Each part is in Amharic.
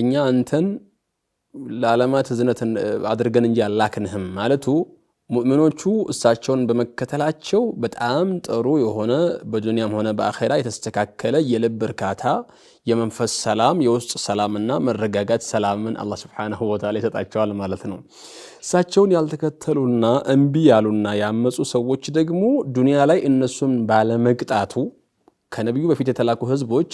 እኛ አንተን ለዓለማት እዝነት አድርገን እንጂ አላክንህም ማለቱ ሙእሚኖቹ እሳቸውን በመከተላቸው በጣም ጥሩ የሆነ በዱንያም ሆነ በአኼራ የተስተካከለ የልብ እርካታ፣ የመንፈስ ሰላም፣ የውስጥ ሰላምና መረጋጋት ሰላምን አላህ ሱብሓነሁ ወተዓላ ይሰጣቸዋል ማለት ነው። እሳቸውን ያልተከተሉና እምቢ ያሉና ያመፁ ሰዎች ደግሞ ዱንያ ላይ እነሱን ባለመቅጣቱ ከነቢዩ በፊት የተላኩ ህዝቦች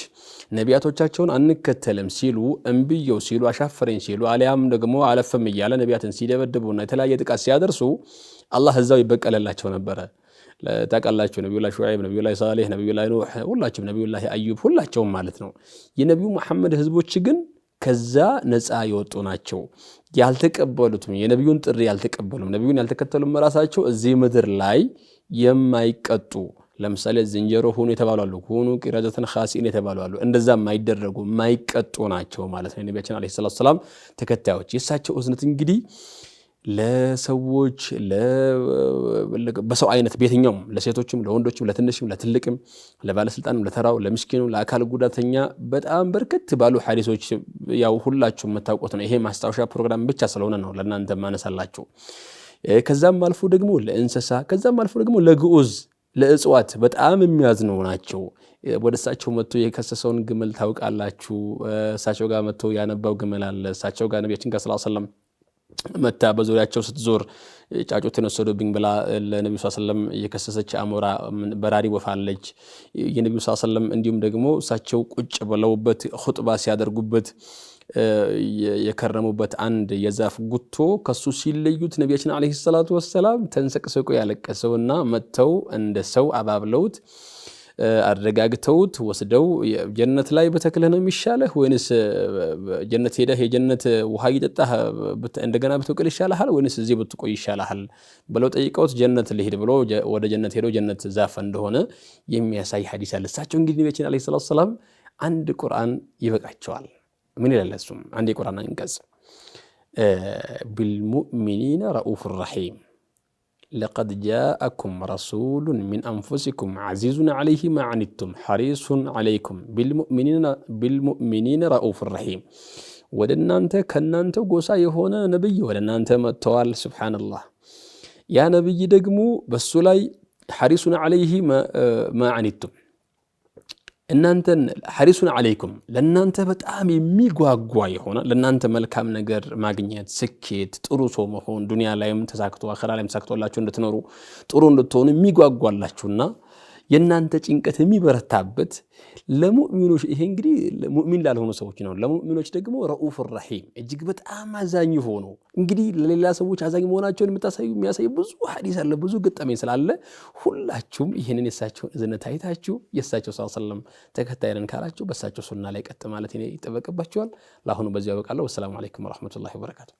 ነቢያቶቻቸውን አንከተልም ሲሉ እምብየው ሲሉ አሻፈረኝ ሲሉ አሊያም ደግሞ አለፈም እያለ ነቢያትን ሲደበድቡና የተለያየ ጥቃት ሲያደርሱ አላህ እዛው ይበቀለላቸው ነበረ። ታውቃላችሁ ነቢዩላ ሹዐይብ፣ ነቢዩላ ሳሌህ፣ ነቢዩላ ኑሕ ሁላችሁም ነቢዩላ አዩብ ሁላቸውም ማለት ነው። የነቢዩ መሐመድ ህዝቦች ግን ከዛ ነፃ የወጡ ናቸው። ያልተቀበሉትም የነቢዩን ጥሪ ያልተቀበሉም ነቢዩን ያልተከተሉም ራሳቸው እዚህ ምድር ላይ የማይቀጡ ለምሳሌ ዝንጀሮ ሁኑ የተባሉ አሉ። ሁኑ ቂራደተን ኻሲኢን የተባሉ አሉ። እንደዛ የማይደረጉ የማይቀጡ ናቸው ማለት ነው። ነቢያችን ዓለይሂ ሰላቱ ሰላም ተከታዮች የእሳቸው እዝነት እንግዲህ ለሰዎች በሰው አይነት ቤተኛውም ለሴቶችም፣ ለወንዶችም፣ ለትንሽም፣ ለትልቅም፣ ለባለስልጣንም፣ ለተራው፣ ለምስኪኑ፣ ለአካል ጉዳተኛ በጣም በርከት ባሉ ሐዲሶች ያው ሁላችሁ የምታውቁት ነው። ይሄ ማስታወሻ ፕሮግራም ብቻ ስለሆነ ነው ለእናንተ ማነሳላችሁ። ከዛም አልፎ ደግሞ ለእንስሳ ከዛም አልፎ ደግሞ ለግዑዝ ለእጽዋት በጣም የሚያዝነው ናቸው። ወደ እሳቸው መጥቶ የከሰሰውን ግመል ታውቃላችሁ። እሳቸው ጋር መጥቶ ያነባው ግመል አለ። እሳቸው ጋር ነቢያችን ጋር ስላ ሰለም መታ በዙሪያቸው ስትዞር ጫጩትን ወሰዱብኝ ብላ ለነቢዩ ሰለም የከሰሰች አሞራ በራሪ ወፋለች የነቢ የነቢዩ ሰለም እንዲሁም ደግሞ እሳቸው ቁጭ ብለውበት ኹጥባ ሲያደርጉበት የከረሙበት አንድ የዛፍ ጉቶ ከሱ ሲለዩት ነቢያችን ዓለይሂ ሰላቱ ወሰላም ተንሰቅሰቆ ያለቀሰውና መጥተው እንደ ሰው አባብለውት አረጋግተውት ወስደው ጀነት ላይ በተክለህ ነው የሚሻለህ ወይንስ ጀነት ሄደህ የጀነት ውሃ እየጠጣህ እንደገና ብትውቅል ይሻልሃል ወይንስ እዚህ ብትቆይ ይሻልሃል ብለው ጠይቀውት ጀነት ልሄድ ብሎ ወደ ጀነት ሄደው ጀነት ዛፍ እንደሆነ የሚያሳይ ሀዲስ አለ። እሳቸው እንግዲህ ነቢያችን ዓለይሂ ሰላቱ ወሰላም አንድ ቁርአን ይበቃቸዋል። ምን ይላል? እሱም አንድ የቁርአን አንቀጽ ቢልሙእሚኒነ ረኡፍ ረሒም ለቀድ ጃአኩም ረሱሉን ሚን አንፉሲኩም ዓዚዙን ዓለይህ ማ ዓኒቱም ሐሪሱን ዓለይኩም ቢልሙእሚኒነ ረኡፍ ረሒም ወደ እናንተ ከእናንተ ጎሳ የሆነ ነብይ ወደ እናንተ መጥተዋል። ሱብሓነላህ ያ ነብይ ደግሞ በሱ ላይ ሐሪሱን ዓለይህ ማ ዓኒቱም እናንተን ሐሪሱን አለይኩም ለእናንተ በጣም የሚጓጓ የሆነ ለእናንተ መልካም ነገር ማግኘት፣ ስኬት፣ ጥሩ ሰው መሆን፣ ዱንያ ላይም ተሳክቶ አኸራ ላይም ተሳክቶላችሁ እንድትኖሩ ጥሩ እንድትሆኑ የሚጓጓላችሁና የእናንተ ጭንቀት የሚበረታበት ለሙእሚኖች ይሄ እንግዲህ ሙእሚን ላልሆኑ ሰዎች ነው። ለሙእሚኖች ደግሞ ረኡፍ ረሒም እጅግ በጣም አዛኝ ሆኖ እንግዲህ ለሌላ ሰዎች አዛኝ መሆናቸውን የምታሳዩ የሚያሳይ ብዙ ሀዲስ አለ፣ ብዙ ገጠመኝ ስላለ ሁላችሁም ይህንን የእሳቸውን እዝነት አይታችሁ የእሳቸው ስ ዐለይሂ ወሰለም ተከታይ ነን ካላችሁ በእሳቸው ሱና ላይ ቀጥ ማለት ይጠበቅባቸዋል ለአሁኑ በዚያ ያበቃለሁ። ወሰላሙ አለይኩም ወረሕመቱላሂ ወበረካቱ።